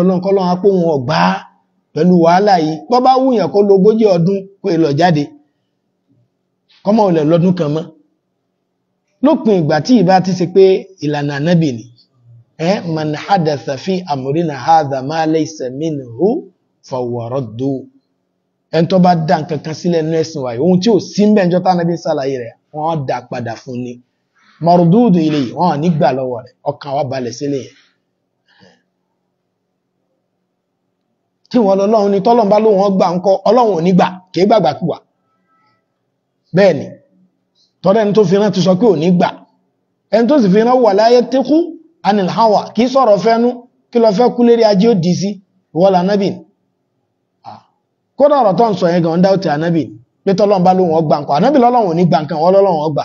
ọlọ́nkọ́lọ́n apó wọn ọ̀gbá pẹ̀lú wàhálà yìí bọ́ bá wùyàn kó lo ogójì ọdún kó èlò jáde kọ́mọ̀ olè lọ́dún kan mọ́ lópin ìgbà tí ìbá ti ṣe pé ìlànà ànábì ni ẹ man hadatha fi amrina hadha ma laysa minhu fawaraddu tó bá dá nǹkan kan sílẹ̀ nínú ẹ̀sìn ohun tí ò sí ń ànábì rẹ̀ wọ́n dá padà fún ni wọ́n lọ́wọ́ tí wọ́n lọ lọ́run ni tọ́lọ́n bá lóhun ọgbà ń kọ́ ọlọ́run ò ní gbà kì í gbàgbà kúwà bẹ́ẹ̀ ni tọ́lá ẹni tó fi rán ti sọ pé ò ní gbà ẹni tó sì fi rán wà láyé tẹ́kú anil hawa kì í sọ̀rọ̀ fẹ́nu kí lọ fẹ́ kú lérí ajé ó dì sí ìwọ́lá anábì kódà ọ̀rọ̀ ń sọ yẹn gan dáwọ́tì anábì pé tọ́lọ́n bá lóhun ọgbà ń kọ́ anábì lọ́lọ́run ní gbà nǹkan wọ́n lọ́lọ́run ọgbà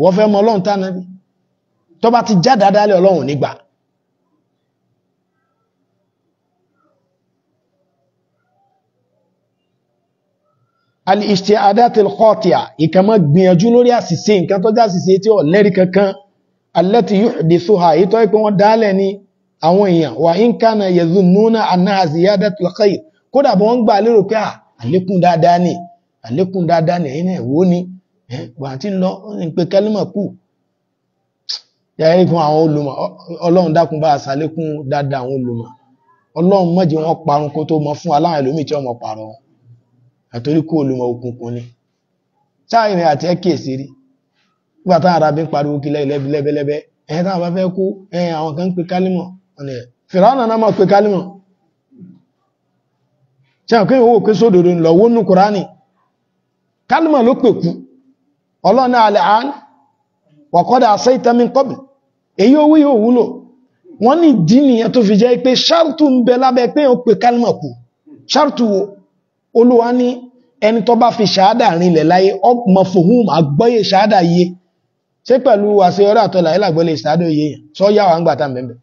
wọ́n fẹ́ mọ ọlọ́run tá anábì tó bá ti já dáadáa lé ọlọ́run ní gbà al-ijtihadatil khati'a ìkàmọ́ gbìyànjú lórí àṣìṣe nǹkan tó jásìṣe tí ó lẹ́rí kankan allati yuhdithuha ìtọ́ ìpé wọn dálẹ̀ ní àwọn èèyàn wa in kana yadhunnuna annaha ziyadatul khair kódà bọ́ wọ́n gbà lérò pé ah, àlékún dáadáa ni àlékún dáadáa ni ẹ̀yìn ẹ̀wọ́ ni wà tí ń lọ ń pe kẹ́límọ̀ kù yàrá kó àtoríkú olùmọ̀ òkùnkùn ni táàrin àti ẹ́kẹ̀ẹ́sì rí nígbà táwọn arábí ń pariwo kí lẹ́bẹ̀lẹ́bẹ̀ ẹ̀yẹn táwọn bá fẹ́ kú ẹ̀yẹn àwọn kan ń pe kálímọ̀ ọ̀nà náà máa pe kálímọ̀ tí àwọn kéèyàn wò pé sódòdó ń lọ wó nù kúránì kálímọ̀ ló pè kú alẹ́ àán àṣẹ kọ́bì èyí owó yóò wúlò wọ́n ní nìyẹn tó olúwa ní ẹni tó bá fi ṣáádà rinlẹ̀ láyé ọmọ fòhùn àgbọ́yé ṣáádà yé ṣé pẹ̀lú àṣẹ ọ̀rọ̀ àtọ́là ìlàgbọ́lẹ̀ ṣáádà yé yẹn sọ yà wà ń gbàtà mẹ́bẹ̀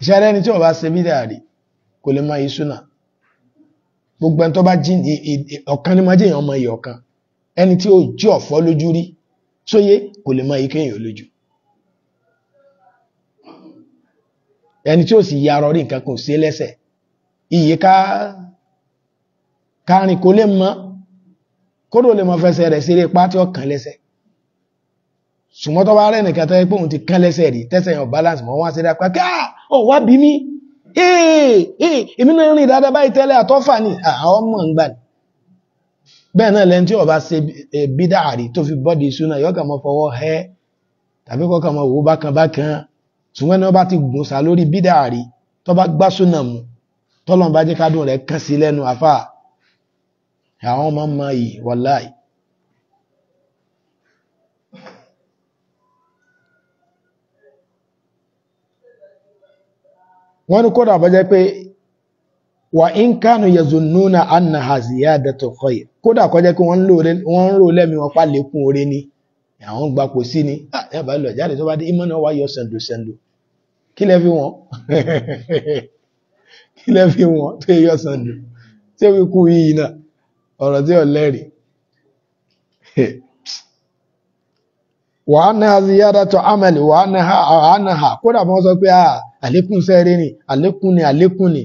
ìṣẹ́rẹ́ ẹni tí wọ́n bá ṣe bí dáàrí kò lè máa yí súnà gbogbo ẹni tó bá jí ọ̀kan ní máa jẹ́ ọmọ ìyọ̀kan ẹni tí ó jí ọ̀fọ́ lójú rí sóyé kò lè máa yí kéèyàn lójú ẹni tí ó sì ya rọrí nǹkan kò sí lẹ́sẹ̀ iye ká kárin kò lè mọ́ kódò lè mọ́ fẹsẹ̀ rẹ̀ síré pátí ọkàn lẹ́sẹ̀ ṣùgbọ́n tó bá rẹ̀ nìkan tẹ́ pé òun ti kán lẹ́sẹ̀ rí tẹ́sẹ̀ yàn balance mọ́ wá sí dápá kí ó wá bí mí èmi ni àwọn ọmọ ń gbà ní bẹ́ẹ̀ náà lẹ́ni tí ó bá ṣe bídà àrí tó fi bọ́dì súnà yọ́kàn mọ́ fọwọ́ hẹ́ tàbí ṣùgbọ́n ní wọ́n bá ti gùn sá lórí bídàárí tó bá gbá súnà mu tọ́lọ́n bá jẹ́ kádùn rẹ̀ kán sí lẹ́nu àfà àwọn ọmọ ọmọ yìí wàláì. wọ́n ní kódà bá jẹ́ pé wà ń kánú yazunnuna annaha ziyadatu khair kódà kọjá pé wọ́n ń rò lẹ́mí wọn pa lékún ni àwọn gbapò sí ni yàbá ah, lọ jáde tó bá dé ìmọ̀ náà wá kí lẹ fi wọ́n kí lẹ fi wọ́n tó yẹ yọ̀sán jù tí ó fi kú yìí náà ọ̀rọ̀ tí ò lẹ́rìí wàá náà ziyada tó amẹ́lì wàá náà ha kódà fún sọ pé àlékún sẹ́rẹ́ ni àlékún ni àlékún ni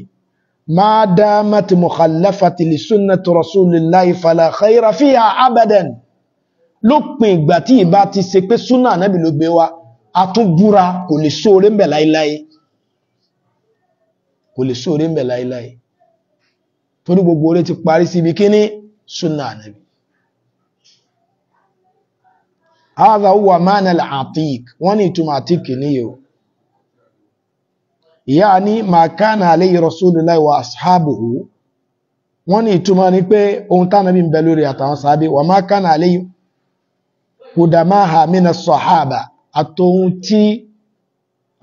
máa dá mẹ́tì mukhalafati li sunnati rasulillahi fala khayra fiha abadan lópin ìgbà tí ìbá ti ṣe pé súnà náà ló gbé wa àtúnbúra kò lè sóore ń bẹ̀ láíláí kò lè sóore ń bẹ̀ láíláí torí gbogbo oore ti parí sí ibi kíní súnà ànàbí hadha huwa ma'na al wọ́n ní ìtumọ̀ atik níyẹ̀ o ìyá ní ma kana alayhi rasulullahi wa ashabuhu wọ́n ní ìtumọ̀ ní pé ohun tánàbí ń bẹ lórí àtàwọn sábẹ́ wa ma kana alayhi kudamaha mina sahaba àtòhun tí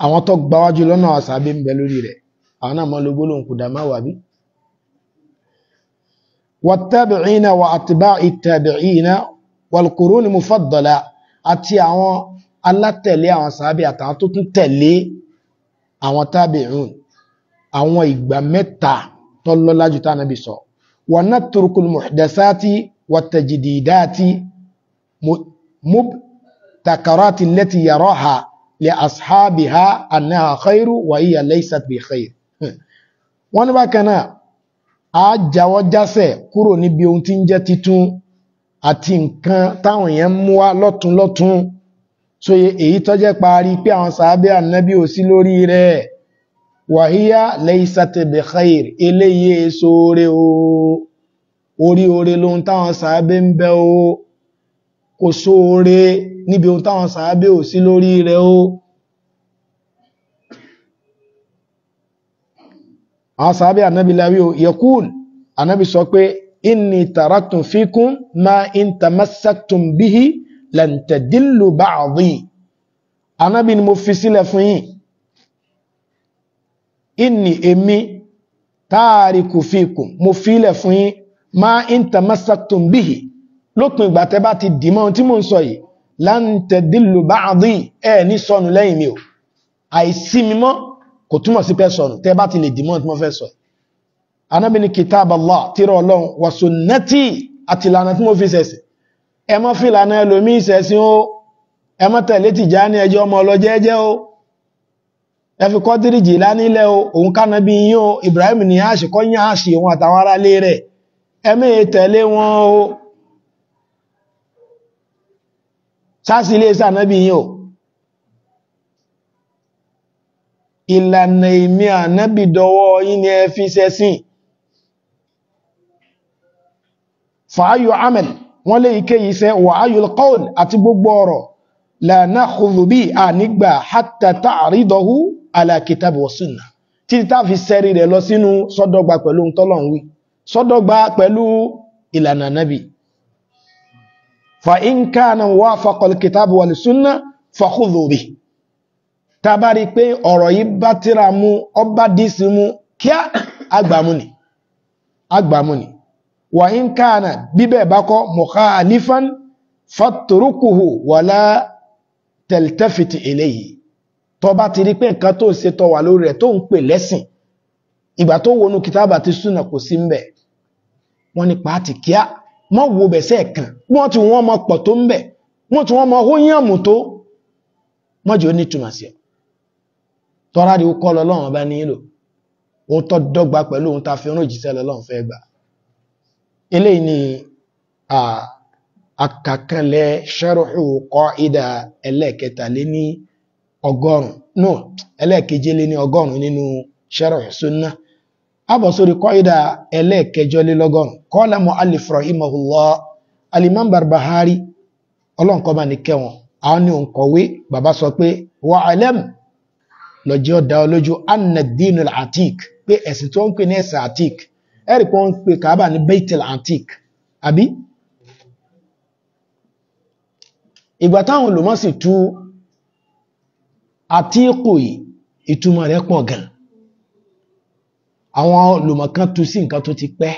àwọn tó gbáwájú lọ́nà àsàbí ń bẹ lórí rẹ̀ àwọn náà máa lo gbólóhùn kùdà máa wà bí wattabi'ina wa atba'i tabi'ina walquruni mufaddala àti àwọn alátẹ̀lé àwọn sàábì àtàwọn tó tún tẹ̀lé àwọn tabi'un àwọn ìgbà mẹ́ta tó lọ́lá jù tá nàbì sọ muhdasati wat tajdidati الثكرات التي يراها لأصحابها أنها خير وهي ليست بخير wọ́n ní bákan náà a jáwọ́ jásẹ̀ kúrò níbi ohun tí ń jẹ́ títún àti nǹkan táwọn èèyàn mú wá lọ́tún lọ́tún so èyí tó jẹ́ parí pé àwọn sàábẹ́ ànábì ò sí lórí rẹ̀ wàhíyá laysat bi eléyìí èso oore o orí oore lohun táwọn sàábẹ́ ń bẹ o kò sóore níbi ohun táwọn sàábé ò sí lórí rẹ̀ o àwọn sàábé ànábì láwí o yẹkùn ànábì sọ pé inni taraktum fikum ma in tamassaktum bihi lan tadillu ba'dhi ànábì ni mo fi sílẹ̀ fún yín inni èmi tààríkù fikum mo fílẹ̀ fún yín ma in tamassaktum bihi lópin ìgbà tẹ́ bá ti dìmọ́ tí mò ń sọ yìí láńtẹ̀dìlù bá àdín ẹ̀ ní sọnù lẹ́yìn mi ò àìsí mímọ́ kò túmọ̀ sí pé sọnù tẹ́ bá ti lè dìmọ́ tí mo fẹ́ sọ Ànábì ní kitab Allah tírà Ọlọ́run wa sunnati àti ìlànà tí mo fi ṣẹ̀sìn ẹ má fi ìlànà ẹlòmíì ṣẹ̀sìn o ẹ má tẹ̀lé Tìjàní ẹjọ́ ọmọ ọlọ́jẹ́jẹ́ o ẹ fi Kọ́dírì Jìlání lẹ̀ o òun kánàbí yín o Ibrahim ní àṣìkọ́ yín àṣì òun àtàwọn aráalé rẹ̀ ẹ mẹ́ẹ̀ tẹ̀lé wọn o sáàsì ilé iṣẹ́ ànábì yìí o ìlànà ìmí ànábì dọwọ́ yín ni ẹ fi ṣe sí fàáyù amẹ̀l wọ́n lè ike yìí ṣe wà áyù kọ́ọ̀l àti gbogbo ọ̀rọ̀ lànà kùzùbí ànígbà hátà ta'ridahu ala kitab wa títí tá fi sẹ́rí rẹ̀ lọ sínú sọ́dọ̀gba pẹ̀lú ìlànà ànábì فإن كان وافق الكتاب والسنة فخذوا به tabari pé ọ̀rọ̀ yìí bá tíra mu ọba díìsì mu kíá agbàmúni agbàmúni wà ń káànà bíbẹ̀ bákọ́ mukhalifan faturukuhu wala tẹ̀lítẹ́fìtì eléyìí tó bá ti rí pé nǹkan tó ṣe tó wà lórí rẹ̀ tó ń pè lẹ́sìn ìgbà tó wọnú kìtàbà ti súnà kò sí ń bẹ̀ wọ́n ní ti kíá wọ́n wo bẹ̀sẹ̀ kan wọ́n ti wọ́n mọ pọ̀ tó ń bẹ̀ wọ́n ti wọ́n mọ hóyànmù tó mọ́jì ó ní túmọ̀ sí ọ tọ́ra rí kọ́ lọ lọ́wọ́n bá nílò òun tọ́ dọ́gba pẹ̀lú òun ta fi rún òjíṣẹ́ lọ lọ́wọ́n fẹ́ gbà eléyìí ni àkàkànlẹ̀ ṣẹ́rùhù kọ́ ìdá ẹlẹ́ẹ̀kẹta lé ní ọgọ́rùn-ún no ẹlẹ́ẹ̀keje lé ní ọgọ́rùn-ún nínú ṣẹ́rùhù sunnah abọ̀ sórí kọ́ìdà ẹlẹ́ẹ̀kẹjọ lé lọ́gọ́rùn kọ́lá mu'allif rahimahullah alimam barbahari ọlọ́nkọ́bà ní kẹwọn àwọn ni òǹkọ̀wé bàbá sọ pé wà alẹ́m lọ́jọ́ ọ̀dá olójú annadinu atik pé ẹ̀sìn tó ń pè ní ẹ̀sìn atik ẹ̀rì pé wọ́n ń pè kàábà ní baitil atik àbí ìgbà táwọn olùmọ́sì tú àtíkù ìtumọ̀ rẹ̀ pọ̀ gan-an àwọn olùmọ̀kan tú sí nǹkan tó ti pẹ́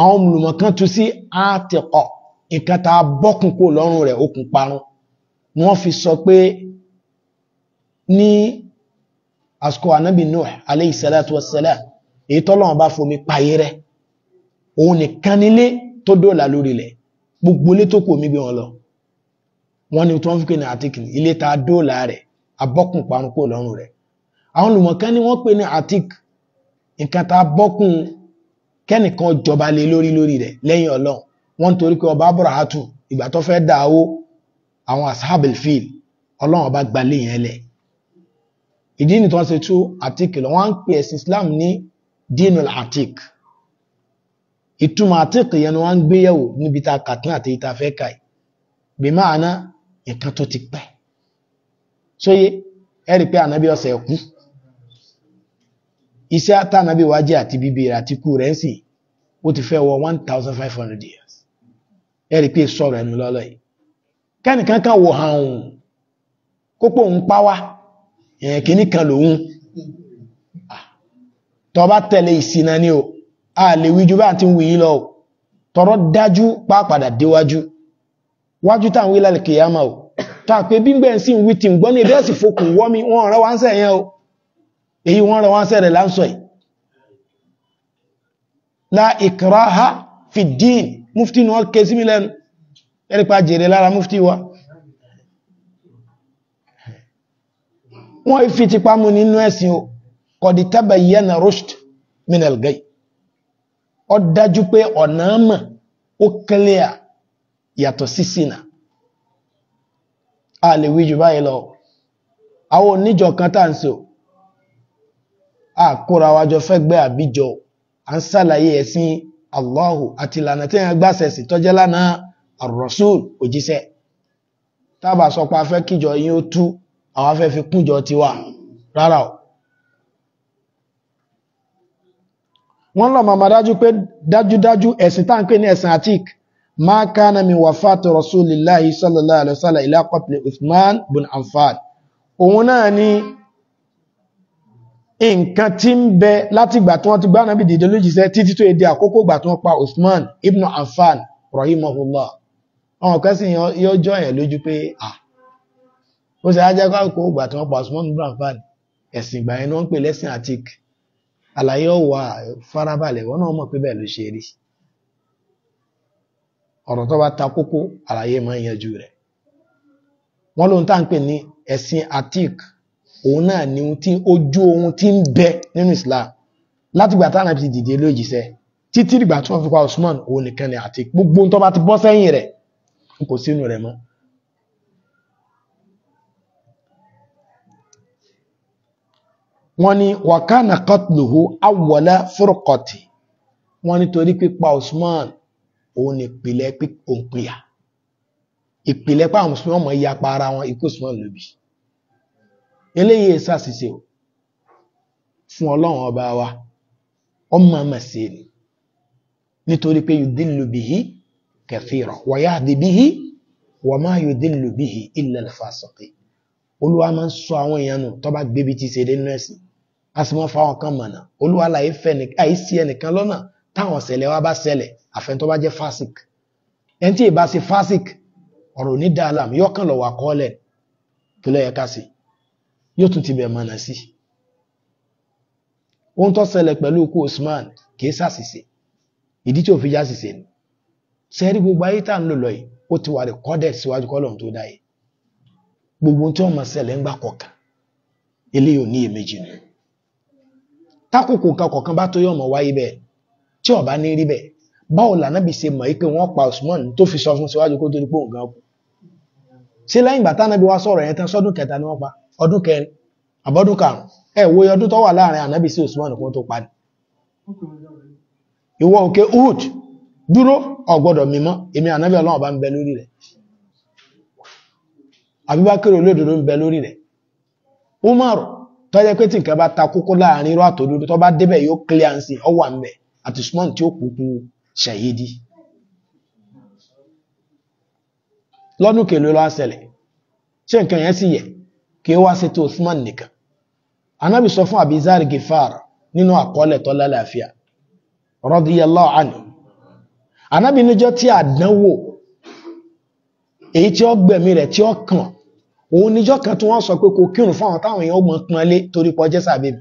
àwọn olùmọ̀kan tú sí àtẹ̀kọ̀ nǹkan tá a bọ́kùn kó lọ́rùn rẹ̀ okùn parun wọ́n fi sọ pé ní àsìkò ànábì Nuh alayhi salatu wassalam èyí tọ́lọ́run bá fomi payé rẹ̀ òun nìkan nílé tó dóòlà lórí ilẹ̀ gbogbo ilé tó kù omi gbé wọn lọ wọ́n ní tí wọ́n fi pè ní àtíkì ilé tá a dóòlà rẹ̀ abọ́kùn parun kó lọ́rùn rẹ̀ àwọn olùmọ̀kan ni wọ́n pè ní àtíkì nǹkan tá a bọ́kùn kẹ́nìkan jọba lé lórí lórí rẹ̀ lẹ́yìn ọlọ́run wọ́n ń torí pé ọba aburahatu ìgbà tó fẹ́ dá owó àwọn ashabul fil ọlọ́run ọba gbalé yẹn lẹ̀ ìdí nìtọ́ ṣe tú àtìkì lọ wọ́n ń pè ẹ̀sìn Islam ní dinul atik ìtumọ̀ àtìkì yẹn ni wọ́n ń gbé yẹ̀wò níbi tá a kàtún àti ìta fẹ́ kà yìí bí máa ná nǹkan tó ti pẹ́ sóye ẹ̀rí pé ànábì ọ̀sẹ̀ ẹ̀kú iṣẹ́ tánàbí wájí àti bíbí rẹ̀ àti kú rẹ̀ ń sìn ó ti fẹ́ wọ one thousand five hundred years ẹ rí i pé sọ̀rọ̀ ẹnu lọ́lọ́ yìí kẹ́nìkan kan wò hàn òun kópó òun páwá èèyàn kìíní kan lòun tọba tẹ̀lé ìṣìnà ni o a lè wí ju bá ti ń wí yín lọ o tọrọ dájú pàápàdà déwájú wájú tá à ń wí lálẹ́ kìyàmá o tá bí ń gbẹ̀ ń sì wí tì ń gbọ́ ní ẹ̀dẹ́sì fokùn wọ́ mi wọ́n rẹ́ wá ń sẹ̀yẹn o èyí wọ́n rẹ̀ wọ́n sẹ́rẹ̀ láńsọ̀ yìí la ikraha fi mufti ni wọ́n ké sí mi lẹ́nu ẹ̀rípa jèrè lára mufti wa wọ́n fi tipa mú nínú ẹ̀sìn o qad tabayyana rushd min al-gay ó dájú pé ọ̀nà mọ̀ ó clear yàtọ̀ sí sínà a lè wí jù báyìí lọ àwọn oníjọ kan tá ń ṣe àkóra wa jọ fẹ́ gbé àbíjọ à ń ṣàlàyé ẹ̀sìn Allahu àti ìlànà tí wọ́n gbàṣẹ sí tọ́jẹ́ lánàá ar-rasul òjíṣẹ́ tábà sọ pé a fẹ́ kíjọ yín ó tú àwọn afẹ́ fi kúnjọ tiwa rárá o. wọ́n lọ màmá dájú pé dájúdájú ẹ̀sìn tá ń pè ní ẹ̀sìn atik ma kana min wafati rasulillahi sallallahu alaihi wasallam ila qatli Uthman bin Affan òun náà ni nǹkan tí ń bẹ láti ìgbà tí wọ́n ti gbá Ànábì dìde lójíṣẹ́ títí tó èdè àkókò ìgbà tí wọ́n pa Usman ibn Affan rahimahullah àwọn kan sì yóò jọ yẹn lójú pé à ó sì ajá kó ìgbà tí wọ́n pa Usman ibn Affan ẹ̀sìn ìgbà yẹn ni wọ́n ń pè lẹ́sìn atik àlàyé ọ̀wà farabalẹ̀ wọ́n náà mọ̀ pé bẹ́ẹ̀ ló ṣe rí ọ̀rọ̀ tó bá ta kókó àlàyé máa ń yanjú rẹ̀ wọ́n lóhun tá ń pè ní ẹ̀sìn atik òun náà ni ojú ohun tí ń bẹ nínú Islam látìgbà táwọn ẹbí ti dìde lójíṣẹ́ títí ìgbà tí wọ́n fi pa Usman òun nìkan ni àti gbogbo tó bá ti bọ́ sẹ́yìn rẹ̀ kò sínú rẹ̀ mọ́ wọ́n ní wàkánà kọtùlùhù awwala fúrùkọtì wọ́n ní torí pípa Usman òun ni ìpìlẹ̀ òǹpìyà ìpìlẹ̀ pàwọn Mùsùlùmí ọmọ ìyapa ara wọn ikú Usman lóbi eléyìí ṣàṣìṣe fún ọlọ́run ọba wa ọmọ àmàṣe ni nítorí pé yudillu bihi kathira wa yahdi bihi wa ma yudillu bihi illa al-fasiqin olúwa máa ń sọ àwọn èèyàn nù tó bá gbébi ti ṣeré nínú ẹ̀sìn a sì máa fa àwọn kan mọ̀nà olúwa láì fẹ́ àìsí ẹnìkan lọ́nà táwọn ṣẹlẹ̀ wa bá ṣẹlẹ̀ àfẹn bá jẹ́ fásik ẹni tí ì bá ṣe fásik ọ̀rọ̀ onídàálàm yọkànlọ́wọ́ àkọọ́lẹ̀ kí ló ká sí i yóò tún ti bẹ̀ mọ̀nà sí ohun tó ṣẹlẹ̀ pẹ̀lú ikú Usman kì í ṣàṣìṣe ìdí tí ò fi yáṣìṣe ni sẹ́rí gbogbo ayé tá à ń lò lọ yìí ó ti wà rẹ̀ kọ́dẹ̀ síwájú kọ́lọ́run tó dáyé gbogbo tí wọ́n mọ̀ ṣẹlẹ̀ ń gbà kọ̀ọ̀kan eléyìí ò ní èméjì nù tákòkò kan kọ̀ọ̀kan bá tó yọ̀ mọ̀ wáyé bẹ́ẹ̀ tí ó bá ní rí bẹ́ẹ̀ báwo lànàbì ṣe mọ̀ pé wọ́n pa Usman tó fi sọ fún síwájú kó tó ní pòǹgàn kù ṣé lẹ́yìn ìgbà tánàbí wá sọ̀rọ̀ yẹn tán sọ́dún kẹta ni wọ́n pa ọdún kẹrin àbọ́dún karùn ẹ wo ọdún tó láàrin ànábì sí Usman kó tó parí ìwọ òkè Uhud dúró ọ̀gbọ́dọ̀ mímọ́ èmi ànábì Ọlọ́run bá ń bẹ lórí rẹ̀ Abubakar olódodo ń bẹ lórí rẹ̀ Umar tó pé tí nǹkan bá ta kókó láàrin àtòdodo bá débẹ̀ yóò ń àti tí ó ṣé kí ó wá sí ti Usman nìkan anábì sọ fún Abizar Gifar nínú àkọọ́lẹ̀ tó lálàáfíà radiyallahu anhu anábì níjọ́ tí àdánwò èyí tí ó gbẹ̀mí rẹ̀ tí ó kàn òun níjọ́ kan tí wọ́n sọ pé kò kírun fáwọn táwọn èèyàn ọgbọ̀n pọn lé torí pọ jẹ́ sàbẹ̀bì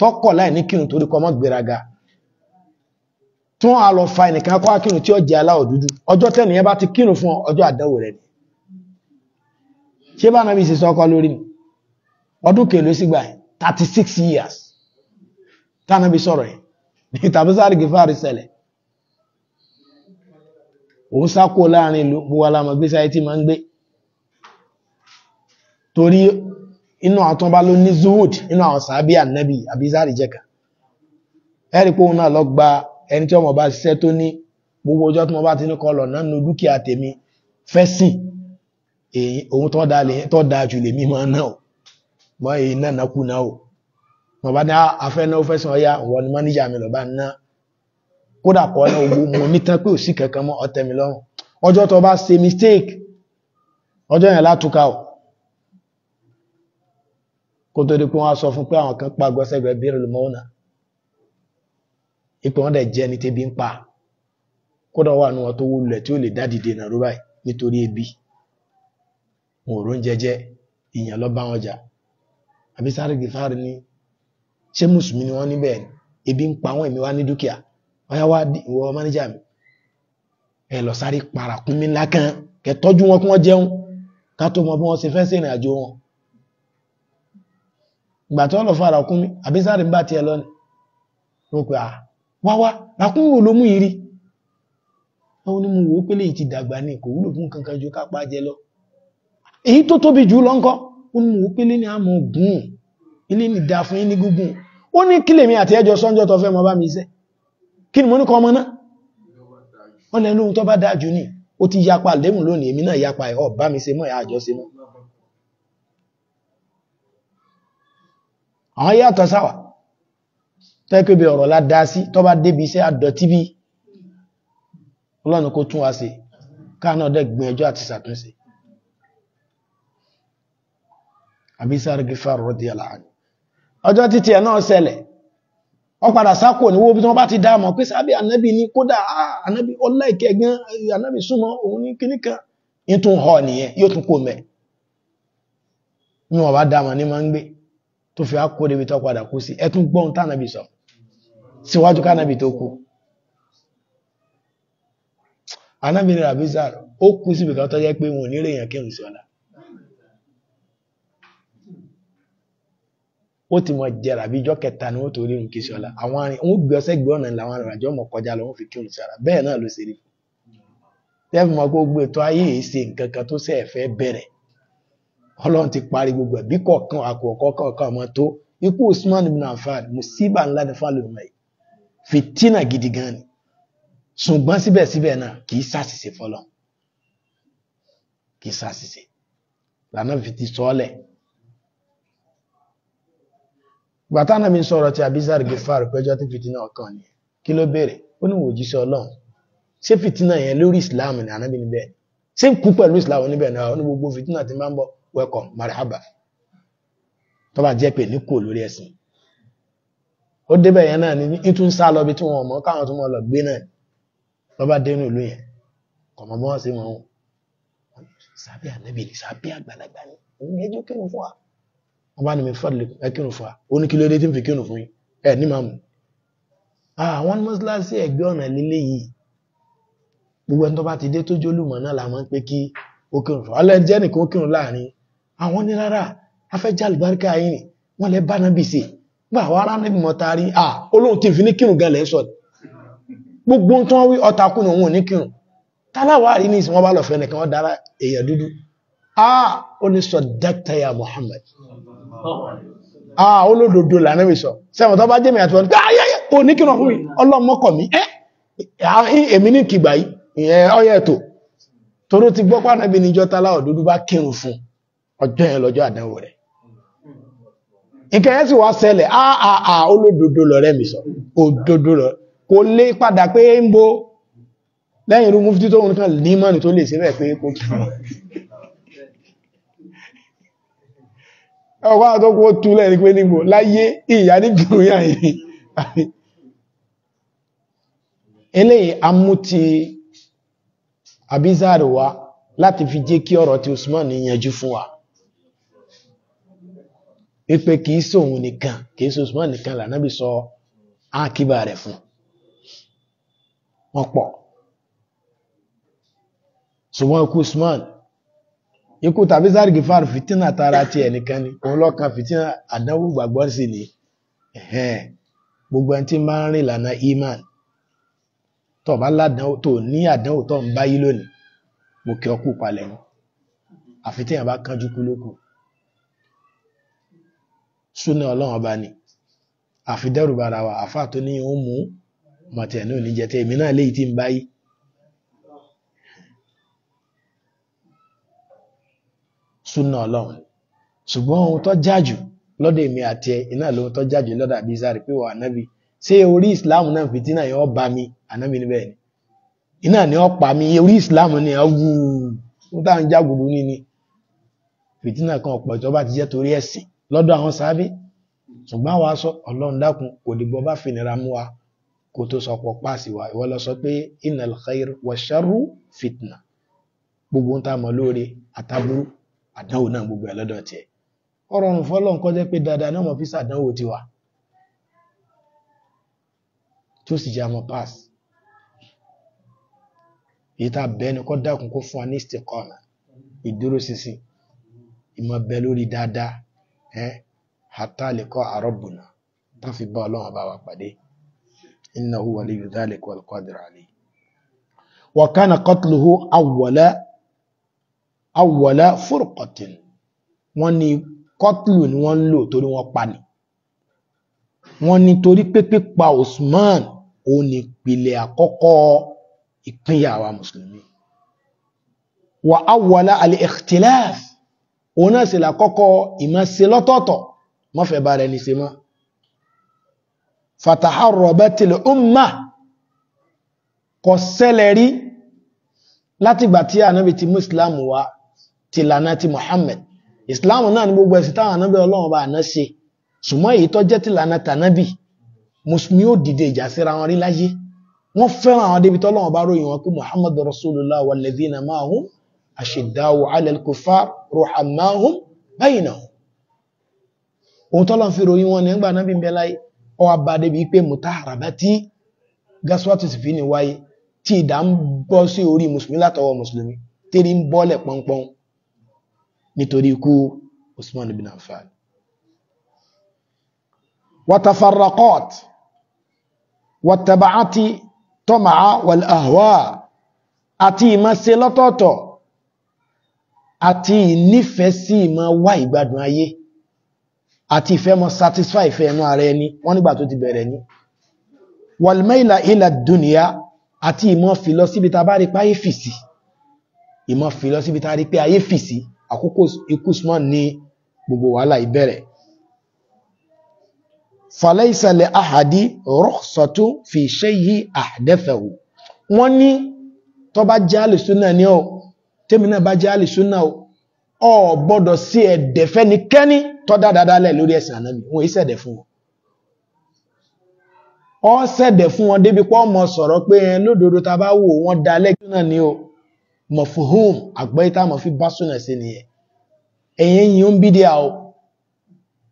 tọ́kọ̀ láì ní kírun torí pọ mọ́ gbéraga tí wọ́n á lọ fa ẹnìkan kọ́ kírun tí ó jẹ́ aláwọ̀ dúdú ọjọ́ tẹ́nìyàn bá ti kírun fún ọjọ́ àdánwò rẹ̀ ṣé bá nàbí ṣe sọ́kọ́ lórí ni ọdún kèlò sígbà 36 years Taa na ẹ̀ ní tàbísàrí gifari sẹlẹ̀ òun sákò láàrin ìlú buwalama gbé sáyé tí ma ń gbé torí inú àtọ́bá ló ní zuhud inú àwọn sàábí ànábì àbísàrí jẹ́ka ẹ̀rí pé òun náà lọ gba ẹni tí ọmọ bá ṣiṣẹ́ tó ní gbogbo ọjọ́ tí wọ́n bá ti ní kọlọ̀ náà nu dúkìá tèmi fẹ́ sìn òun tó jù mọ èyí náà náà náà o mọ bá ní afẹ́ ah, náà ó fẹ́ sàn ọ́yá ìwọ ni mọ́níjà mi lọ́ba ná kódà kọ́ náà owó mo ní tán pé ò sí kankan mọ́ ọ̀tẹ̀ mi lọ́rùn ọjọ́ tó bá ṣe mistake ọjọ́ yẹn látúkà o kó tó di pé wọ́n á sọ fún pé àwọn kan pa gbọ́sẹ̀gbẹ́ bí rẹ̀ lọ́mọ́ọ́nà ipò wọn dẹ̀ jẹ́ ní tẹ́bi ń pa kódà wà níwọ̀n tó wúlẹ̀ tí ó lè dádìde nàró báyìí nítorí ebi òòrùn jẹjẹ ìyàn lọ bá wọn jà àbí sáré gifari ni ṣé mùsùlùmí ni wọ́n níbẹ̀ ni ebi ń pa wọ́n èmi wá ní dúkìá ọ̀yá wá ìwọ mánéjà mi ẹ lọ sáré parakúnmí ńlá kan kẹ tọ́jú wọn kí wọ́n jẹun ká tó mọ bí wọ́n ṣe fẹ́ sí ìrìn àjò wọn ìgbà tí wọ́n lọ fún àràkúnmí àbí sáré ń bá tiẹ̀ lọ ni wọ́n pe à wá wá ràkúnmí wo ló mú yìí rí wọ́n ní mo wò ó pé lè ti dàgbà ní kò wúlò fún kankan ju ká pa jẹ lọ èyí tó tóbi jù lọ ńkọ́ ó ní ni ń pélé ni àmọ́ gùn ilé ní dà fún yín ní gúngùn ó ní kílè mi àti ẹjọ́ sọ́njọ́ tó fẹ́ mọ bá mi iṣẹ́ kí ni mo ní kọ ọmọ ya wọ́n lẹ́nu ohun tó bá dájú ní ó ti yapa lẹ́mùn lónìí èmi náà yapa ẹ̀ ọ̀ bá mi ṣe mọ́ ẹ̀ àjọ ṣe mọ́ àwọn yàtọ̀ sáwà tẹ́kẹ́bẹ̀ ọ̀rọ̀ ládá sí tó bá débi iṣẹ́ àdọ̀tí bí ọlọ́run kó tún wá ṣe káà náà dẹ̀ gbìyànjú àti ṣàtúnṣe àbísàrì gifar ala anhu ọjọ́ títí ẹ̀ náà ṣẹlẹ̀ ó padà sákò níwó bí wọ́n bá ti dáàmọ̀ pé sábẹ́ ànábì ní kódà ah, ànábì ọláìkẹ́ gan eh, ànábì súnmọ́ òun ní kíníkan ní tún họ nìyẹn yóò tún kò mẹ́ ní wọ́n bá dáàmọ̀ ní máa ń gbé tó fi ákó débi tó padà kú sọ síwájú kánàbì tó kú ànábì ní rabizar ó kú síbi kan tó jẹ́ pé wọn ò ní rèèyàn ó ti mọ jẹrà bí ijọ́ kẹta ni wọ́n tó rí nǹkan ṣọlá mm. àwọn arìn wọ́n gbé ọsẹ́ gbé ọ̀nà làwọn arìnrìnàjò ọmọ kọjá lọ wọ́n fi kírun sára bẹ́ẹ̀ náà ló ṣe rí fún tẹ́fù mọ́ gbogbo ètò ayé yìí ṣe nǹkan kan tó ṣe ẹ̀fẹ́ bẹ̀rẹ̀ ọlọ́run ti parí gbogbo ẹ̀bí kọ̀ọ̀kan àkọ́kọ́ kọ̀ọ̀kan ọmọ tó ikú Usman ibn Affan musiba ńlá ni fálọ́ọ̀mù ẹ̀ fìtínà gidi gan lànà fi ti sọ́ọ́lẹ̀ gbàtánà mi sọ̀rọ̀ ti Abizar Gifar pẹ́jọ́ tí fìtínà ọkàn ni kí ló béèrè ó ní òjíṣẹ́ Ọlọ́run ṣé fìtínà yẹn lórí Islam ni ànábì níbẹ̀ ṣé ń kú pẹ̀lú Islam níbẹ̀ náà ó ní gbogbo fìtínà ti máa ń bọ̀ welcome marhaba tó bá jẹ́ pé ní kò lórí ẹ̀sìn ó débẹ̀ yẹn náà ní tún sá lọ bí tí wọn mọ̀ káwọn tó mọ̀ lọ gbé náà lọ dénú ìlú yẹn kò mọ̀ bọ́ sí wọn sábẹ́ ànábì ní sábẹ́ àgbàlagbà ni ẹjọ́ kí wọn fún wa wọ́n bá ní mi fàdílẹ̀ ẹ kírun fún wa ó ní kí ló dé tí ń fi kírun fún yín ẹ ní màmú àwọn mọ́sálásí ẹ̀gbẹ́ ọ̀nà líle yìí gbogbo ẹni tó bá ti dé tó jólùmọ̀ náà la máa ń pé kí ó kírun fún wa alẹ́ jẹ́ nìkan ó kírun láàrin àwọn ní rárá afẹ́jà àlùbáríkà yìí wọ́n lẹ bá náà bì sí gbà wá rá níbi mọ́ta rí à olóhùn tí n fi ní kírun gan lẹ́ sọ gbogbo tó ń wí ọtakùn òun ò ní kírun táláwárí ní ìsìn wọn bá lọ fẹ́ nìkan wọn dára èèyàn dúdú ah ó ní sọ dákítà ya Muhammad ah olódodo lànàbì sọ sẹ́wọ̀n tó bá jẹ́mì àti wọn gáyẹ́yẹ́ ah, o ní kí ọkùnrin ọlọ́mọkọ̀ mi ẹ́ èmi ní kìgbà ìyẹn ọyẹ́ ètò toró ti gbọ́ pàdánàbì níjọ́ tálá òdúdú bá kírun fún ọjọ́ yẹn lọ́jọ́ àdánwò rẹ̀ ìkẹyẹ́ sì wá ah, ah, ah, olódodo lọ̀rẹ́ mi sọ òdodo lọ kò lè padà pé ń bo lẹ́yìn irú mufti tó ń kan nímọ̀nì tó lè ṣe bẹ́ẹ̀ pé kò kí ẹwà àtọ́kùn ó túlẹ̀ ní pé nígbò láyé ìyá nígbìrò yà yìí eléyìí a mú ti àbízáàrì wá láti fi jẹ́ kí ọ̀rọ̀ ti Usman yanjú fún wa wípé kìí sóhun nìkan kìí sọ Usman nìkan lànàbí sọ ákíbà rẹ̀ fún wọn pọ̀ ṣùgbọ́n ikú Usman ikú tàbí sáré gifar fitina tara ti ẹnìkan ni òun lọ́kàn fitina àdánwò gbàgbọ́ sí ni gbogbo ẹni tí máa ń rìn lànà iman tó bá ládánwò tó ní àdánwò tó ń báyí lónìí mo kí ọkú palẹ̀ mọ́ àfi tí bá kánjú kú lókù súnà ọlọ́run ọba ni àfi dẹ́rù bara wa àfáà tó ní òun mú mọ̀tẹ̀ náà níjẹ́ tẹ́ èmi náà léyìí tí ń báyìí súnà ọlọ́run ṣùgbọ́n ohun tó jájù lọ́dọ̀ èmi àti ẹ iná lóhun tó jájù lọ́dọ̀ àbísárì pé wà ànábì ṣé orí ìsìláàmù náà fìtínà yẹn ó bá mi ànábì níbẹ̀ ni iná ni ó pa mi orí ìsìláàmù ni ó wù ú tá à ń ní ni fìtínà kan ọ̀pọ̀ ìjọba ti jẹ́ torí ẹ̀sìn lọ́dọ̀ àwọn sábẹ́ ṣùgbọ́n àwa sọ ọlọ́run dákun kò dìbò bá fìnira mú wa kò tó sọ pọ̀ páàsì wa ìwọ lọ sọ pé innal khair wa sharru fitna gbogbo ń ta mọ̀ lóore àtàbúrú àdánwò náà gbogbo ẹ̀ lọ́dọ̀ tiẹ̀ ọ̀rọ̀ ọ̀rùn fọ́lọ́n kọ́ jẹ́ pé dáadáa náà mọ̀ fi sàdánwò ti wà tí ó sì jẹ́ àmọ́ pass èyí tá bẹ́ẹ̀ ni kọ́ dákun kó fún wa ní istikọ́nà ìdúró ṣinṣin ìmọ̀ bẹ lórí dáadáa ẹ́ hatta liqa rabbuna tá fi bá ọlọ́run bá wa pàdé innahu waliyyu dhalika wal qadiru alayhi wa kana qatluhu awwala awwala furqatin wọ́n ní kọ́tìlù ni wọ́n ń lò torí wọ́n pa ni wọ́n ní torí pépé pa Usman ó ní ìpìlẹ̀ àkọ́kọ́ ìpínyà àwa mùsùlùmí wa awwala al-ikhtilaf òun náà sì làkọ́kọ́ ìmọ̀ọ́sẹ̀ lọ́tọ̀ọ̀tọ̀ mọ́fẹ́ bá rẹ̀ ní ṣe mọ́ fataharrabatil umma kò ṣẹlẹ̀ rí látìgbà tí ànábì ti mú islam tìlànà ti Muhammad Islam náà ni gbogbo ẹ̀sìn táwọn anábẹ́ ọlọ́run bá àná ṣe ṣùgbọ́n èyí tó jẹ́ tìlànà tànábì mùsùlùmí ò dìde ìjà síra wọn rí láyé wọ́n fẹ́ràn àwọn débi tọ́lọ́run bá ròyìn wọn pé Muhammad rasulullah walladhina ma'ahum ashiddawu 'ala al-kuffar ruhamahum bainahum ohun tọ́lọ́run fi ròyìn wọn nígbà náà bí bẹ́ẹ̀ láyé ọ wá bá débi pé mùtáhàràbá tí gaswatu sì fi ní wáyé tí ìdá ń bọ́ sí orí mùsùlùmí látọwọ́ mùsùlùmí tẹ́rí ń bọ́lẹ̀ pọ́npọ́n nítorí ikú Usman bin Affan watafarraqat watabaati tọ́màá wal ahwa àti ìmọ̀ṣe lọ́tọ̀ọ̀tọ̀ àti ìnífẹ́ sí ìmọ̀ wá ìgbádùn ayé àti ìfẹ́ mọ́ satisfy ìfẹ́ ẹnu ara ẹni wọ́n nígbà tó ti bẹ̀rẹ̀ ní wàlmẹ́ìlà ilẹ̀ dùnìyà àti ìmọ̀ fìlọ síbi ta ayé fìsì ìmọ̀ fìlọ síbi ta ayé fìsì àkókò ikú Usman ní gbogbo wàhálà ìbẹ̀rẹ̀ falaisa li ahadi rukhsatu fi shay'i ahdathahu wọ́n ní tó bá jẹ́ àlùsúnà ní ọ tèmi náà bá jẹ́ àlùsúnà ọ gbọ́dọ̀ sí ẹ̀dẹ̀ fẹ́nikẹ́ni tó dáadáa lẹ̀ lórí ẹ̀sìn ànábì wọ́n ìṣẹ̀dẹ̀ fún wọn ọ ṣẹ̀dẹ̀ fún wọn débi pọ́ sọ̀rọ̀ pé lódodo ta bá wò wọ́n da lẹ́gbẹ̀ẹ́ náà ní o mọ̀fúhùm àgbọ́ ìta mọ̀ fi bá súnà sí nìyẹn ẹ̀yìn yìí ń bídí àwọ̀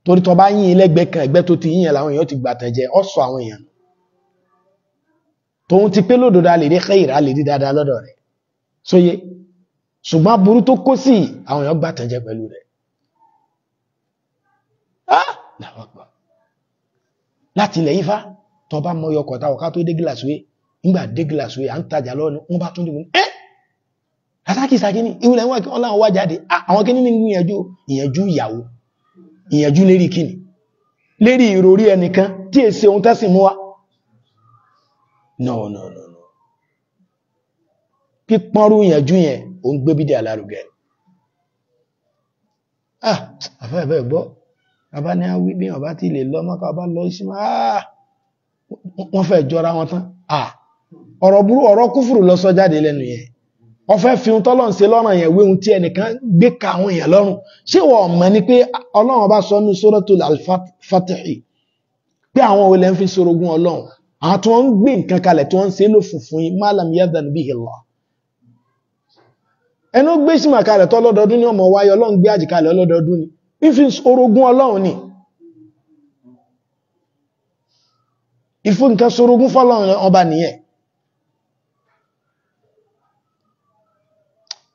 torí tọba yìí ilẹ́gbẹ́ kan ẹgbẹ́ tó ti yìnyàn láwọn èèyàn ti gbàtẹ̀jẹ ọ̀sọ̀ àwọn èèyàn tóun ti pé lódodo a lè rí xeyìrì a lè rí dáadáa lọ́dọ̀ rẹ̀ sóye ṣùgbọ́n aburú tó kó sí àwọn èèyàn gbàtẹ̀jẹ pẹ̀lú rẹ̀ ah! láti ilẹ̀ ifá tọba mọ ọyọkọ̀ táwọn ká tó dé gíláàsì wé dé gíláàsì à ń tajà lọ́wọ́ wọ́n bá tún dìbò ẹ́ àsákìsàkíní ìwìlẹ̀ wọ́n láwọn wá jáde àwọn kíní ní ìyànjú ìyànjú ìyàwó ìyànjú lérí kíní lérí ìròrí ẹnìkan tí èsì ohun tẹ́sì mú wá no no no no pípọ́nrú ìyànjú yẹn o ń gbé bídẹ̀ alárugẹ ah afẹ́fẹ́ gbọ́ bàbá ní àwí bí wọ́n bá ti lè lọ mọ́ká ah ọ̀rọ̀ burú ọ̀rọ̀ kúfùrù lọ sọ jáde lẹ́nu yẹn ọfẹ́ fi ohun tọ́lọ́run ṣe lọ́rùn yẹn wé ohun tí ẹnìkan gbé ka àwọn èèyàn lọ́rùn ṣé wọ́n mọ̀ ni pé ọlọ́run bá sọ ní suratul al-fatihi pé àwọn olè ń fi sorogún ọlọ́run àwọn tí wọ́n ń gbé nǹkan kalẹ̀ tí wọ́n ń ṣe ló funfun yìí malam yadan bihi Allah ẹnu gbé sí màkalẹ̀ tó ọlọ́dọọdún ní ọmọ wáyé ọlọ́run gbé àjìkalẹ̀ ọlọ́dọọdún ni ìfi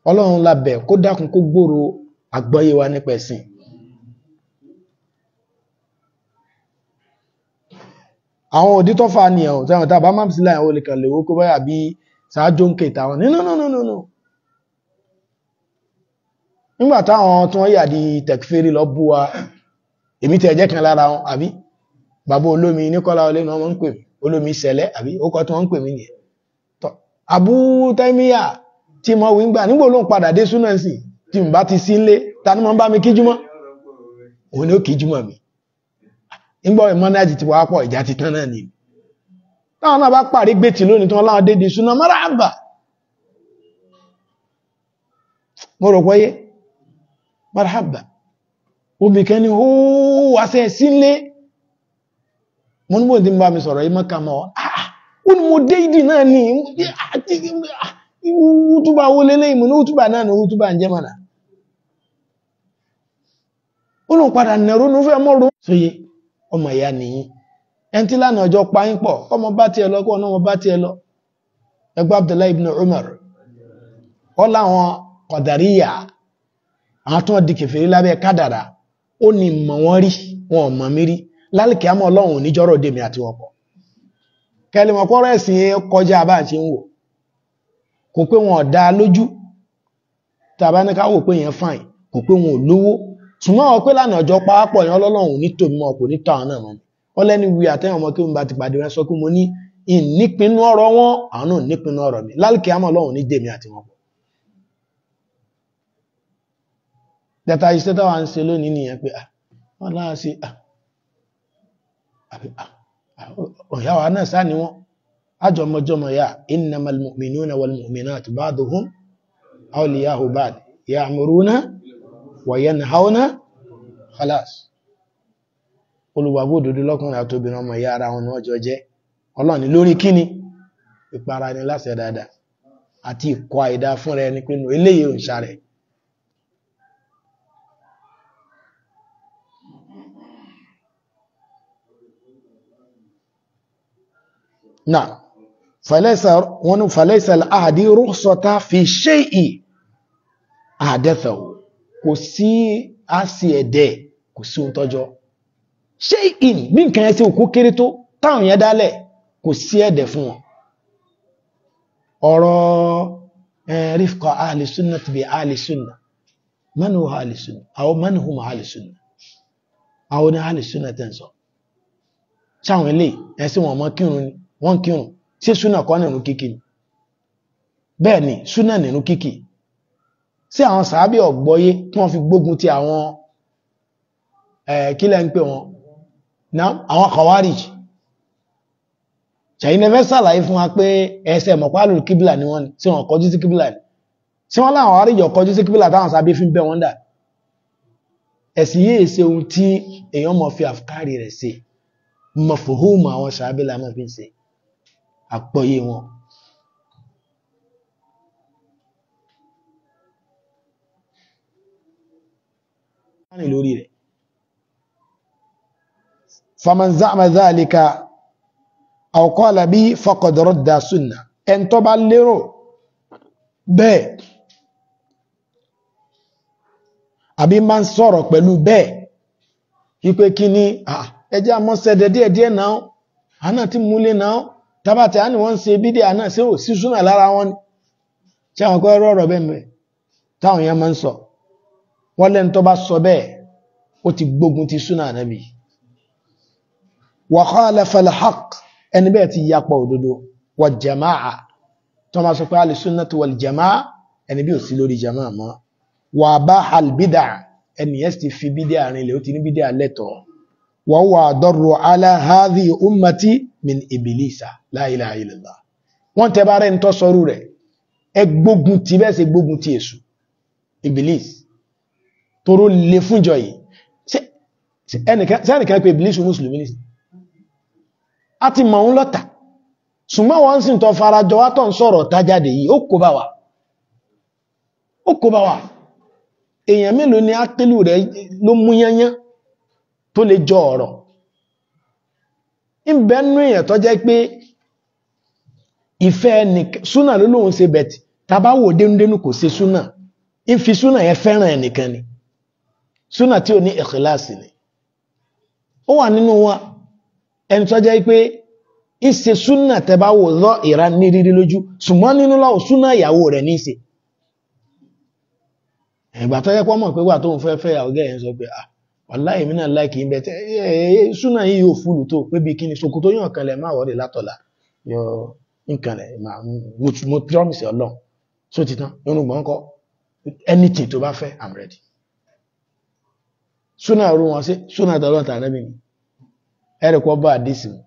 ọlọ́run labẹ̀ kó dákun kó gbòòrò àgbọ́yé wa nípa ẹ̀sìn àwọn òdí tó fa ni ẹ̀hùn tẹ́wọ̀n tàbá máa sí láàrin olè kan lèwó kó báyà bí sáájó ń kè tàwọn ní nínú wa èmi tẹ̀ jẹ́ kan lára wọn àbí bàbá olómi Nikola olè náà wọ́n ń pè olómi sẹ̀lẹ̀ àbí Abu Taimiya tí mo wí ń gbà nígbò ló ń padà dé súnà sí tí bá ti sí nlé ta ni bá mi kíjúmọ́ òun ni ó kíjúmọ́ mi nígbà ìmọ̀nájì ti wà pọ̀ ìjà ti tán náà ni táwọn náà bá parí lónìí láwọn dédé ti ń bá mi sọ̀rọ̀ yìí mọ́ka mọ́ ọ́ ah, ah, ó ní mo dé ìdì náà ni àti wútúbà owó lélé ìmú ní wútúbà náà ní wútúbà ń jẹ́ mọ̀nà ó lò padà nẹ̀rú ní fẹ́ mọ́rún sóye ọmọ ìyá nìyí ẹn tí lánàá ọjọ́ páyín pọ̀ kọmọ bá tiẹ̀ lọ kọ́ ọmọ bá tiẹ̀ lọ ẹgbẹ́ Abdullahi ibn Umar ọ láwọn kọ̀dàríyà àwọn tó di kèfèrí lábẹ́ kádàrà ó ní mọ̀ wọ́n rí wọn ò mọ̀ mí rí lálùkì àmọ́ ọlọ́run níjọ́rọ̀ dèmi àti wọn pọ̀ kẹlẹ̀mọ̀kọ́rọ̀ ẹ̀sìn kọjá bá ń ṣe ń wò kò pé wọn ò dá lójú tàbá ní káwò pé yẹn fàìn kò pé wọn ò lówó ṣùgbọ́n ọ pé lánàá ọjọ́ pàápọ̀ yẹn ọlọ́lọ́run ní tòun kò ní tọ́ náà wọn lẹ́ni wí àtẹ́yìn ọmọ kí wọn bá ti pàdé rẹ sọ pé mo ní ìnípinnu ọ̀rọ̀ wọn àwọn náà nípinnu ọ̀rọ̀ mi lálùkì àmọ́ ọlọ́run ní dèmi àti wọn. dẹ́ta iṣẹ́ táwa ń ṣe lónìí nìyẹn pé wọ́n ṣe ọ̀yá wa náà sá ni wọ́n ajọmọjọmọ ya innamal mu'minuna wal mu'minatu ba'duhum awliya'u ba'd ya'muruna wa yanhauna khalas olùgbàgbọ́ òdodo lọ́kùnrin àtobìnrin ọmọ ìyá ara wọn ni wọ́n jọ jẹ́ ọlọ́run ni lórí kíni ìpara ni láṣẹ dáadáa àti ìkọ̀ àìdá fúnra ẹni pinnu eléyìí òǹṣà rẹ̀ náà fàlẹ́sà àdí rúksọta fi ṣe ì àdẹ́fẹ̀ o kò sí àṣì ẹ̀dẹ́ kò sí ohun tọ́jọ́ ṣe ì bí nǹkan yẹn sí òkú kéré tó táwọn yẹn dálẹ̀ kò sí ẹ̀dẹ̀ fún wọn ọ̀rọ̀ rífkọ ahìlìsúnà tàbí ahìlìsúnà mẹ́nu ahìlìsúnà àwọn mẹ́nu hùmà ahìlìsúnà àwọn ahìlìsúnà tẹ́ ń sọ ṣáwọn ilé ẹ̀sìn wọn mọ́ kírun wọ́n kírun ṣé súnà kọ́ nínú kíkì bẹ́ẹ̀ ni súnà nínú kíkì sí àwọn sàábì ọ̀gbọ́yé tí wọ́n fi gbógun ti àwọn kílẹ̀ ń pè wọn náà àwọn khawarij ṣàyínẹ fẹ́ sàlàyé fún wa pé ẹsẹ̀ mọ̀pálù kíbìlà ni wọ́n tí wọ́n kọjú sí kíbìlà ni tí wọ́n láwọn àríjọ kọjú sí kíbìlà táwọn sàábì fi ń bẹ́ wọn dà ẹ̀sìn yìí ṣe ohun tí èèyàn mọ̀ fi àfikárì rẹ̀ ṣe mọ̀fòhóòmù àwọn sàábì la mọ̀ fi ń ṣe àkpọghị wọn faman za'ama dhalika aw bi faqad radda sunnah ẹn lero bá lérò bẹ́ẹ̀ àbí máa ń sọ̀rọ̀ pẹ̀lú bẹ́ẹ̀ wípé kí ni ah, ẹjẹ́ àmọ́sẹ̀dẹ̀ díẹ̀díẹ̀ náà àánà tí tabata ya ni wọ́n ṣe bídí àná sí ò sí súnà lára wọn tí àwọn kọ́ ẹ̀rọ ọ̀rọ̀ bẹ́ẹ̀ táwọn yẹn máa ń sọ wọ́n lẹ́nu tó bá sọ bẹ́ẹ̀ ó ti gbógun ti súnà ànábì wa khalafa al-haqq ẹni bẹ́ẹ̀ ti yapa òdodo wal jama'a tó máa sọ pé ahlu sunnati wal jama'a ẹni bí ò sí lórí jama'a mọ́ wa baha al-bid'a ẹni yẹn ti fi bídí àárín ilẹ̀ ó ti ní bídí àlẹ́tọ̀ọ́ wa huwa adarru ala hadhihi ummati min ibilisa la ilaha illallah wọ́n tẹ bá rẹ̀ ń tọ́ sọrú rẹ̀ ẹ gbógun ti bẹ́ẹ̀ ṣe gbógun ti èṣù Iblis toro lè fúnjọ yìí sẹ́nìkan pé Iblis mùsùlùmí nìsí a ti mọ̀ ń lọ́ta ṣùgbọ́n wọ́n sì tọ́ farajọ wátọ̀ ń sọ̀rọ̀ tájáde yìí ó kó bá wa ó kó bá wa èèyàn tó lè jọ ọ̀rọ̀ ń bẹ́ẹ̀ tó jẹ́ pé ife ni suna lolohun se bet ta ba wo denu ko se suna in fi suna ye feran enikan ni suna ti o ni ikhlas ni o wa ninu wa en ipe je pe in se suna te zo ira ni riri loju sumo ninu la o suna iyawo re ni se e gba to ye ko mo pe gba to fe fe ya o ge yen so pe ah wallahi mi na suna yi o fulu to pe bi kini sokoto yan le ma wo le latola nǹkan rẹ̀ mo promise ọlọ́run só ti tán irùngbọ̀n kọ́ anything to bá fẹ́ i'm ready súnà orú wọn sí súnà tọ́lọ́ta anábì ni ẹ̀rì kọ́ bá àdísì mu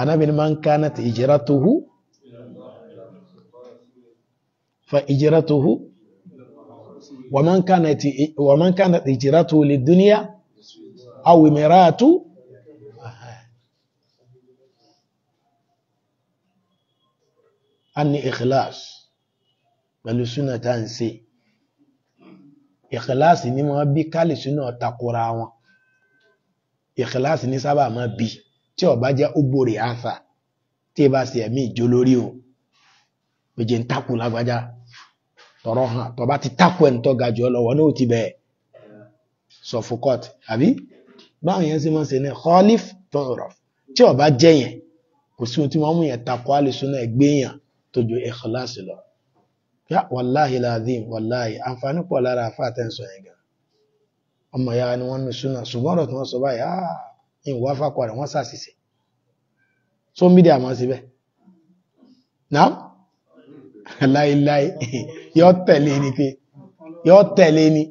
anábì ni máa ń ká náà ti hijratuhu fa hijratuhu wa man kanat hijratuhu lid dunya aw imiratu ani ní ikhlas pẹ̀lú suna tá à ń ikhlas ni mo bí kálí súnà takora wọn ikhlas ni sábà máa bí tí ó bá jẹ́ ó borí àṣà tí ẹ bá ṣe ẹ̀mí ìjó lórí o méje ń takù lágbájá tọrọ hàn tọba ti takù ẹ̀ ń ga jù ọ lọ́wọ́ náà ti bẹ̀ sọfọkọt àbí báwọn yẹn ṣe máa ṣe ní khalif tọrọ tí ó bá jẹ́ yẹn kò sí ohun tí wọ́n mú yẹn takọ àlùsùn náà gbé yẹn tó ju ìkọláàsì lọ yá wàláhì láàdín wàláhì àǹfààní pọ̀ lára àfà àtẹ́sọ̀ yẹn gan ọmọ ya ni wọ́n nu súnà ṣùgbọ́n ọ̀rọ̀ tí wọ́n sọ báyìí áà ìwà fàkọ rẹ̀ wọ́n sàṣìṣe tó ń bídẹ̀ àmọ́ síbẹ̀ náà láíláí yọ tẹ̀lé ni pé yọ tẹ̀lé ni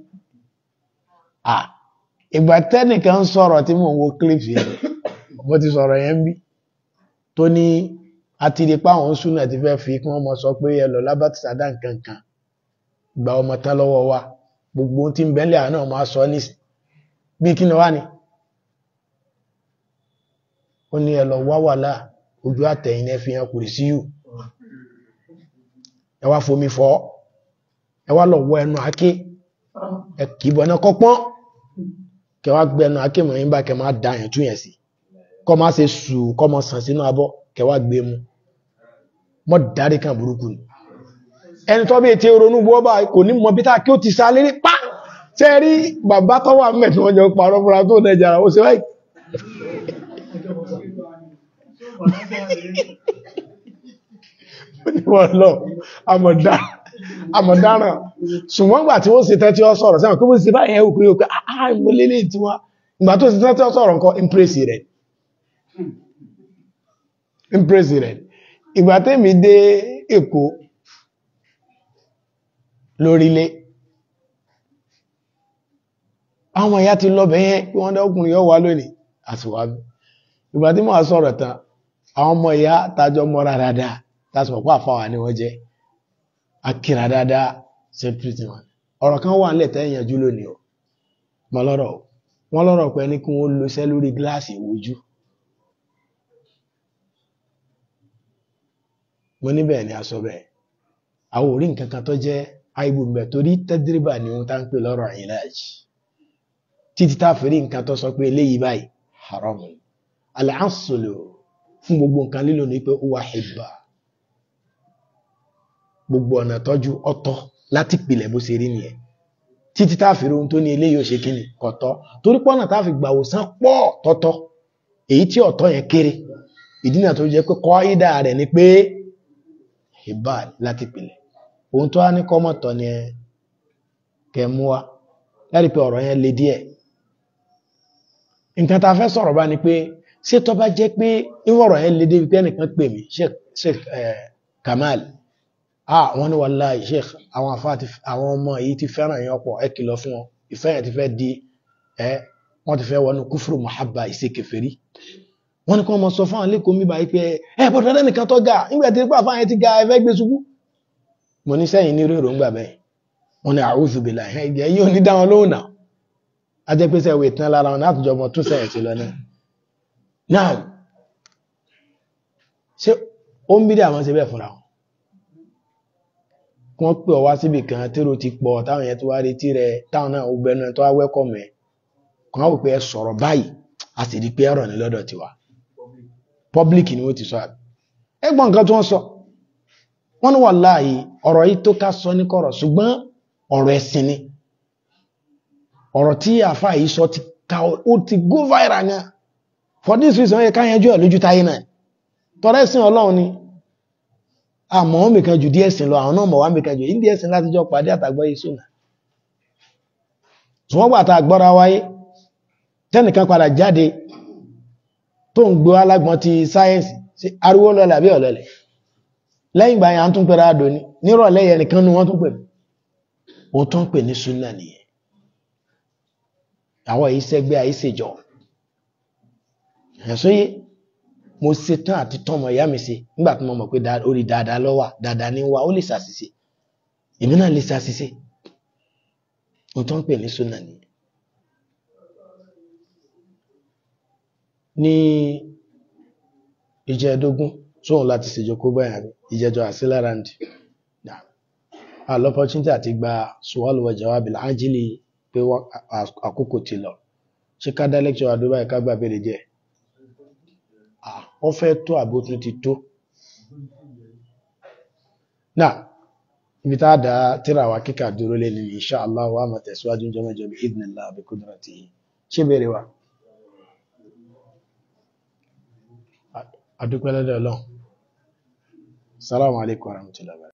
ìgbà tẹ́nìkan sọ̀rọ̀ tí mò ń wo clips yẹn mo ti sọ̀rọ̀ yẹn bí tó ní àti rí pa àwọn súnà ti fẹ́ fi kí wọ́n mọ sọ pé ẹ lọ lábàtì sádà nkankan gba ọmọ tán lọ́wọ́ wa gbogbo ohun tí ń bẹ́lẹ̀ àná máa sọ ní bí kí ni wá ni ó ní ẹ lọ wá wàhálà ojú àtẹ̀yìn ẹ fi hàn kùrì sí yù ẹ wá fomi fọ́ ẹ wá lọ wọ ẹnu àáké ẹ kì í bọ ẹnu kọ́pọ́n kẹ wá gbẹnu àáké mọ̀ yín bá kẹ máa da yẹn tú yẹn sí kọ́ máa ṣe sùúrù kọ́ máa sàn sínú abọ́ kẹwàá gbé mu mọ́ dárí kan burúkú ni ẹni tó bí etí ronú bọ́ọ̀bà kò ní mọ bíta kí ó ti sá lérí pa tẹ́ rí bàbá tó wà mẹ́tí wọ́n jọ parọ́ fúnra tó nẹjà ó sì láì wọ́lọ́ àmọ̀dáràn ṣùgbọ́n gbà tí wọ́n sì tẹ́ tí sọ̀rọ̀ sẹ́wọ̀n kí wọ́n sì báyẹ̀ òkú yóò pé tí wọ́n ah, ah, ìgbà tó sì tẹ́ tí sọ̀rọ̀ nǹkan impress rẹ̀ In president ìgbà tẹ́mi dé Èkó lórílẹ̀ àwọn ìyá ti lọ́bẹ̀ yẹn kí wọ́n dọ́kùnrin yọ wá lónìí àsìwábí ìgbà tí màá sọ̀rọ̀ tán àwọn ọmọ ìyá tajọ mọ́ra dáadáa láti mọ̀ pé ni wọ́n jẹ́ akira dáadáa sẹ́pítì wọn ọ̀rọ̀ kan wà nílẹ̀ tẹ́yìn yanjú lónìí o mọ lọ́rọ̀ wọn lọ́rọ̀ ní kí wọ́n lo iṣẹ́ lórí gíláàsì ìwojú mo ní ni a sọ bẹ́ẹ̀ àwọn ò rí nǹkan kan tó jẹ́ àìbù mbẹ torí tẹdírìbà ni ohun tá ń pè lọ́rọ̀ ìlàj títí tá a fi rí nǹkan tó sọ pé eléyìí báyìí haram fún gbogbo nǹkan lílo ní pé ó wà gbogbo ọ̀nà tọ́jú ọ̀tọ̀ láti pilẹ̀ bó ṣe rí nìyẹn títí tá a ohun tó ní eléyìí ò ṣe kọ̀tọ́ torí pọ́nà tá a fi hibal láti pìlẹ̀ ohun tó wá ní kọ́mọ̀tọ̀ ni ẹ kẹmú wa láti pé ọ̀rọ̀ yẹn le díẹ̀ nǹkan tá a fẹ́ sọ̀rọ̀ bá ni pé ṣé tó bá jẹ́ pé irú ọ̀rọ̀ yẹn le débi pé ẹnìkan pè mí Sheikh Kamal ah wọ́n ní wallahi Sheikh àwọn afá àwọn ọmọ yìí ti fẹ́ràn yẹn ọ̀pọ̀ ẹ kìlọ̀ fún wọn ìfẹ́ yẹn ti fẹ́ di ẹ wọ́n ti fẹ́ wọnú kúfùrù muhabba ìṣe kèfèrí wọ́n ní kí wọ́n mọ sọ fún àwọn lẹ́kọ̀ọ́ mi báyìí pé ẹ bọ̀dọ̀ rẹ nìkan tó ga nígbà tí pàfà yẹn ti ga ẹfẹ́ gbé ṣubú mo ní sẹ́yìn ní rèrò ń gbà bẹ́ẹ̀ wọ́n ní àwùjọ bìlà ẹ̀jẹ̀ yìí ò ní dá wọn lóhùn náà ajẹ́pẹ́sẹ̀ ìwé tán lára wọn láti jọmọ tún sẹ́yìn sí lọ náà. náà ṣé ó ń bí dé ṣe bẹ́ẹ̀ fúnra wọn kí pè ọ wá síbi kan tírò ti pọ̀ táwọn yẹn tó wá retí rẹ táwọn náà ó gbẹnu tó wá wẹ́kọ̀ mẹ́ kàn á wò pé ẹ sọ̀rọ̀ báyìí a sì rí i pé ẹ̀rọ̀ ní lọ́dọ̀ tiwa public ni wọ́n ti sọ àbí ẹgbọ́n nǹkan tí wọ́n sọ wọ́n ní wàláhì ọ̀rọ̀ yìí tó ká sọ ní kọ̀rọ̀ ṣùgbọ́n ọ̀rọ̀ ẹ̀sìn ni ọ̀rọ̀ tí àfa yìí sọ ti ka ó ti go viral ni for this reason ẹ ká yanjú ẹ lójú táyé náà tọrọ ẹ̀sìn Ọlọ́run ni àmọ́ wọn mìkan jù díẹ̀ sìn lọ àwọn náà mọ̀ wá mìkan jù yìí díẹ̀ sìn láti jọ pàdé àtàgbọ́ yìí tí wọ́n gbà tá àgbọ́ra wáyé tẹ́nìkan padà jáde tó ń gbọ́ alágbọ́n ti sáyẹ́nsì sí ariwo lọ́lẹ̀ àbí ọ̀lọ́lẹ̀ lẹ́yìn ìgbà yẹn à ń tún pẹ̀rẹ́ àdó ni nírọ̀lẹ́ yẹn nìkan ni wọ́n tún pè mí ó tún pè ní súnà nìyẹn àwọn ìṣẹ́gbẹ́ àìṣèjọ ẹ̀sọ́yé mo ṣe tán àti tọmọ ìyá mi ṣe nígbà tí mo mọ̀ pé orí dáadáa lọ́wà dáadáa ní wa ó lè ṣàṣìṣe èmi lè ṣàṣìṣe ó tún pè ní súnà nìyẹn ní ìjẹ́ẹ̀dógún tóun láti ṣèjókòó báyà ìjẹjọ àsílárandì àlọ́pọ̀túnítì àti gba suwal wa jawabil ajili pé àkókò ti lọ ṣé ká dá lẹ́kṣọ̀ àdúrà ká gbà bèrè díẹ̀ wọ́n fẹ́ tó àbó tún ti tó náà ibi tá a dá tíra wa kíkà dúró lé ní insha Allah wa máa tẹ̀síwájú jọmọjọ bí idhnillah bí ṣé bèrè wa. adúpẹ́ lọ́dọ̀ ọlọ́run salamu alaykum wa rahmatullahi